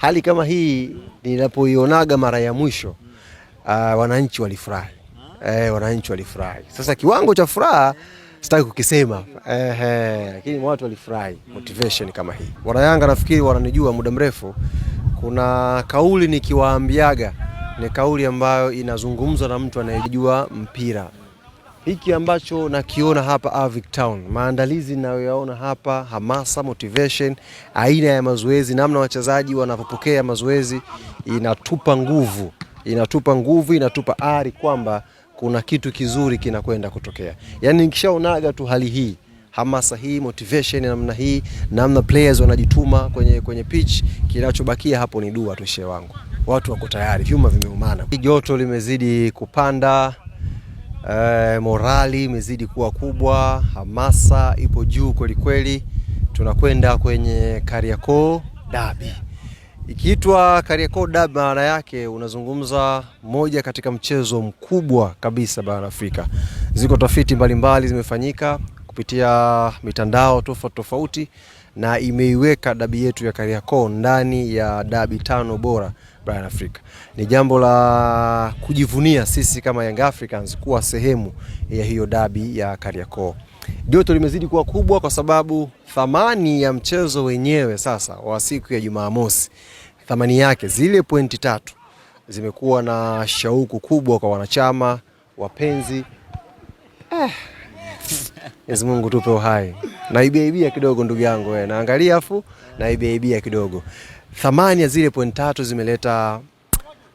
Hali kama hii ninapoionaga mara ya mwisho uh, wananchi walifurahi eh, wananchi walifurahi. Sasa kiwango cha furaha sitaki kukisema eh, eh, lakini watu walifurahi. Motivation kama hii, Wanayanga nafikiri wananijua muda mrefu. Kuna kauli nikiwaambiaga, ni kauli ambayo inazungumzwa na mtu anayejua mpira hiki ambacho nakiona hapa Avic Town, maandalizi ninayoyaona hapa, hamasa, motivation, aina ya mazoezi, namna wachezaji wanapopokea mazoezi inatupa nguvu, inatupa nguvu, inatupa ari kwamba kuna kitu kizuri kinakwenda kutokea. Yaani nikishaonaga tu hali hii hamasa hii motivation namna hii namna players wanajituma kwenye, kwenye pitch, kinachobakia hapo ni dua tu, shehe wangu, watu wako tayari, vyuma vimeumana, joto limezidi kupanda e, morali imezidi kuwa kubwa, hamasa ipo juu kwelikweli. Tunakwenda kwenye Kariakoo Dabi. Ikiitwa Kariakoo Dabi, maana yake unazungumza moja katika mchezo mkubwa kabisa barani Afrika. Ziko tafiti mbalimbali zimefanyika kupitia mitandao tofauti tofauti, na imeiweka dabi yetu ya Kariakoo ndani ya dabi tano bora barani Afrika. Ni jambo la kujivunia sisi kama Young Africans kuwa sehemu ya hiyo dabi ya Kariakoo. Joto limezidi kuwa kubwa kwa sababu thamani ya mchezo wenyewe sasa wa siku ya Jumamosi, thamani yake zile pointi tatu zimekuwa na shauku kubwa kwa wanachama, wapenzi eh. Mungu tupe uhai. Naibiaibia kidogo ndugu yangu wewe. Naangalia afu naibiaibia kidogo thamani ya zile point tatu zimeleta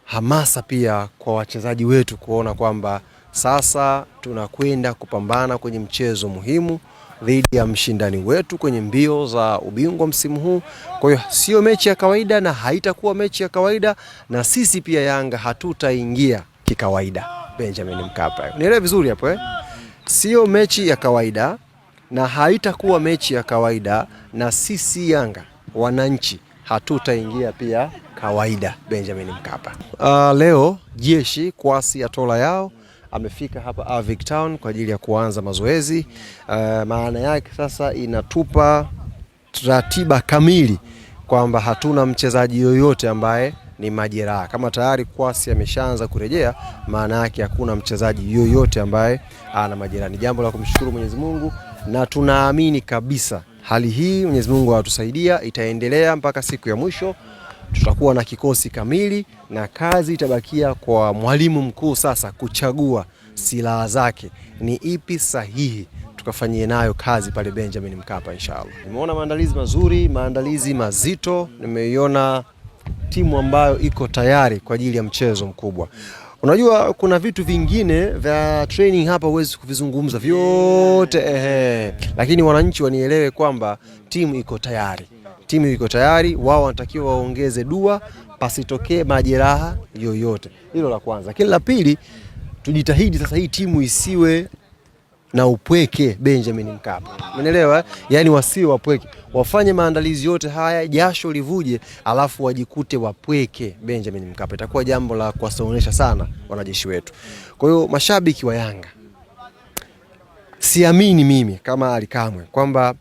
hamasa pia kwa wachezaji wetu kuona kwamba sasa tunakwenda kupambana kwenye mchezo muhimu dhidi ya mshindani wetu kwenye mbio za ubingwa msimu huu. Kwa hiyo sio mechi ya kawaida na haitakuwa mechi ya kawaida, na sisi pia Yanga hatutaingia kikawaida Benjamin Mkapa. Nielewe vizuri hapo eh? Sio mechi ya kawaida na haitakuwa mechi ya kawaida, na sisi Yanga wananchi hatutaingia pia kawaida Benjamin Mkapa. Uh, leo jeshi kwasi ya tola yao amefika hapa Avic Town kwa ajili ya kuanza mazoezi uh, maana yake sasa inatupa ratiba kamili kwamba hatuna mchezaji yoyote ambaye ni majeraha. Kama tayari kwasi ameshaanza kurejea, maana yake hakuna mchezaji yoyote ambaye ana majeraha. Ni jambo la kumshukuru Mwenyezi Mungu na tunaamini kabisa Hali hii Mwenyezi Mungu atusaidia, itaendelea mpaka siku ya mwisho. Tutakuwa na kikosi kamili na kazi itabakia kwa mwalimu mkuu sasa kuchagua silaha zake ni ipi sahihi tukafanyie nayo kazi pale Benjamin Mkapa inshallah. Nimeona maandalizi mazuri, maandalizi mazito, nimeiona timu ambayo iko tayari kwa ajili ya mchezo mkubwa. Unajua kuna vitu vingine vya training hapa huwezi kuvizungumza vyote ehe, lakini wananchi wanielewe kwamba timu iko tayari, timu iko tayari. Wao wanatakiwa waongeze dua pasitokee majeraha yoyote, hilo la kwanza. Lakini la pili, tujitahidi sasa hii timu isiwe na upweke Benjamin Mkapa. Umeelewa? Yaani wasiwe wapweke, wafanye maandalizi yote haya, jasho livuje, alafu wajikute wapweke Benjamin Mkapa. Itakuwa jambo la kuwasonesha sana wanajeshi wetu. Kwa hiyo mashabiki wa Yanga, siamini mimi kama Alikamwe kwamba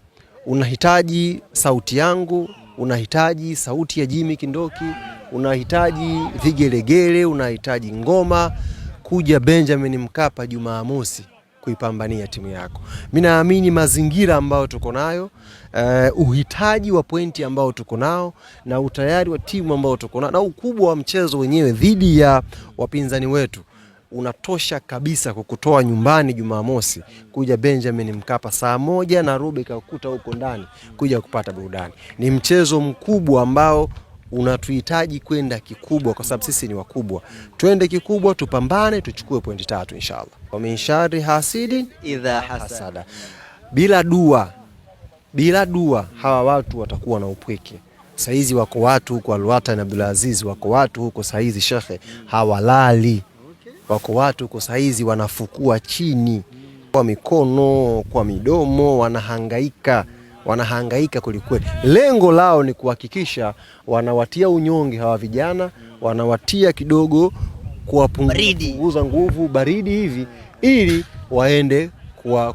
unahitaji sauti yangu, unahitaji sauti ya Jimmy Kindoki, unahitaji vigelegele, unahitaji ngoma kuja Benjamin Mkapa Jumamosi kuipambania timu yako. Mi naamini mazingira ambayo tuko nayo, uh, uhitaji wa pointi ambao tuko nao na utayari wa timu ambao tuko nao na ukubwa wa mchezo wenyewe dhidi ya wapinzani wetu unatosha kabisa kukutoa nyumbani Jumamosi kuja Benjamin Mkapa saa moja na robo kakuta huko ndani kuja kupata burudani. Ni mchezo mkubwa ambao unatuhitaji kwenda kikubwa, kwa sababu sisi ni wakubwa. Twende kikubwa, tupambane, tuchukue pointi tatu inshallah. Wa min shari hasidin idha hasada, bila dua, bila dua hawa watu watakuwa na upweke. Saizi wako watu huko Alwatan Abdulaziz, wako watu huko saizi shekhe, hawalali. Wako watu huko saizi wanafukua chini kwa mikono, kwa midomo, wanahangaika wanahangaika kwelikweli. Lengo lao ni kuhakikisha wanawatia unyonge hawa vijana, wanawatia kidogo, kuwapunguza nguvu, baridi hivi, ili waende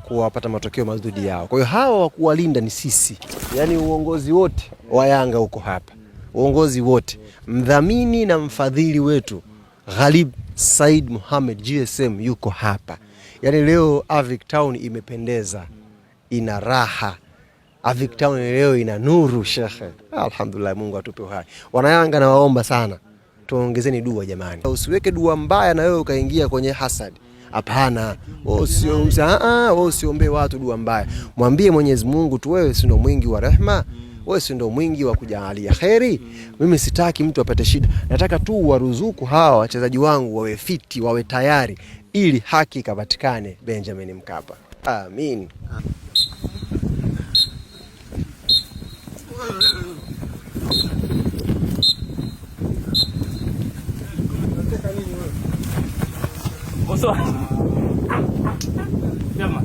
kuwapata matokeo mazuri yao. Kwa hiyo hawa wa kuwalinda ni sisi, yaani uongozi wote wa Yanga huko hapa, uongozi wote, mdhamini na mfadhili wetu Ghalib Said Mohamed GSM yuko hapa. Yaani leo Avic Town imependeza, ina raha Avic Town leo ina nuru shekhe, ah, alhamdulillah, Mungu atupe uhai. Wanayanga nawaomba sana, tuongezeni dua jamani, usiweke dua mbaya na wewe ukaingia kwenye hasad. Hapana, wewe ah, ah, usiombe watu dua mbaya, mwambie Mwenyezi Mungu tu, wewe si ndio mwingi wa rehma, wewe si ndio mwingi wa kujaalia kheri. Mimi sitaki mtu apate shida, nataka tu waruzuku hawa wachezaji wangu wawe fiti, wawe tayari, ili haki ikapatikane Benjamin Mkapa. amin. Amin. そう。じゃあま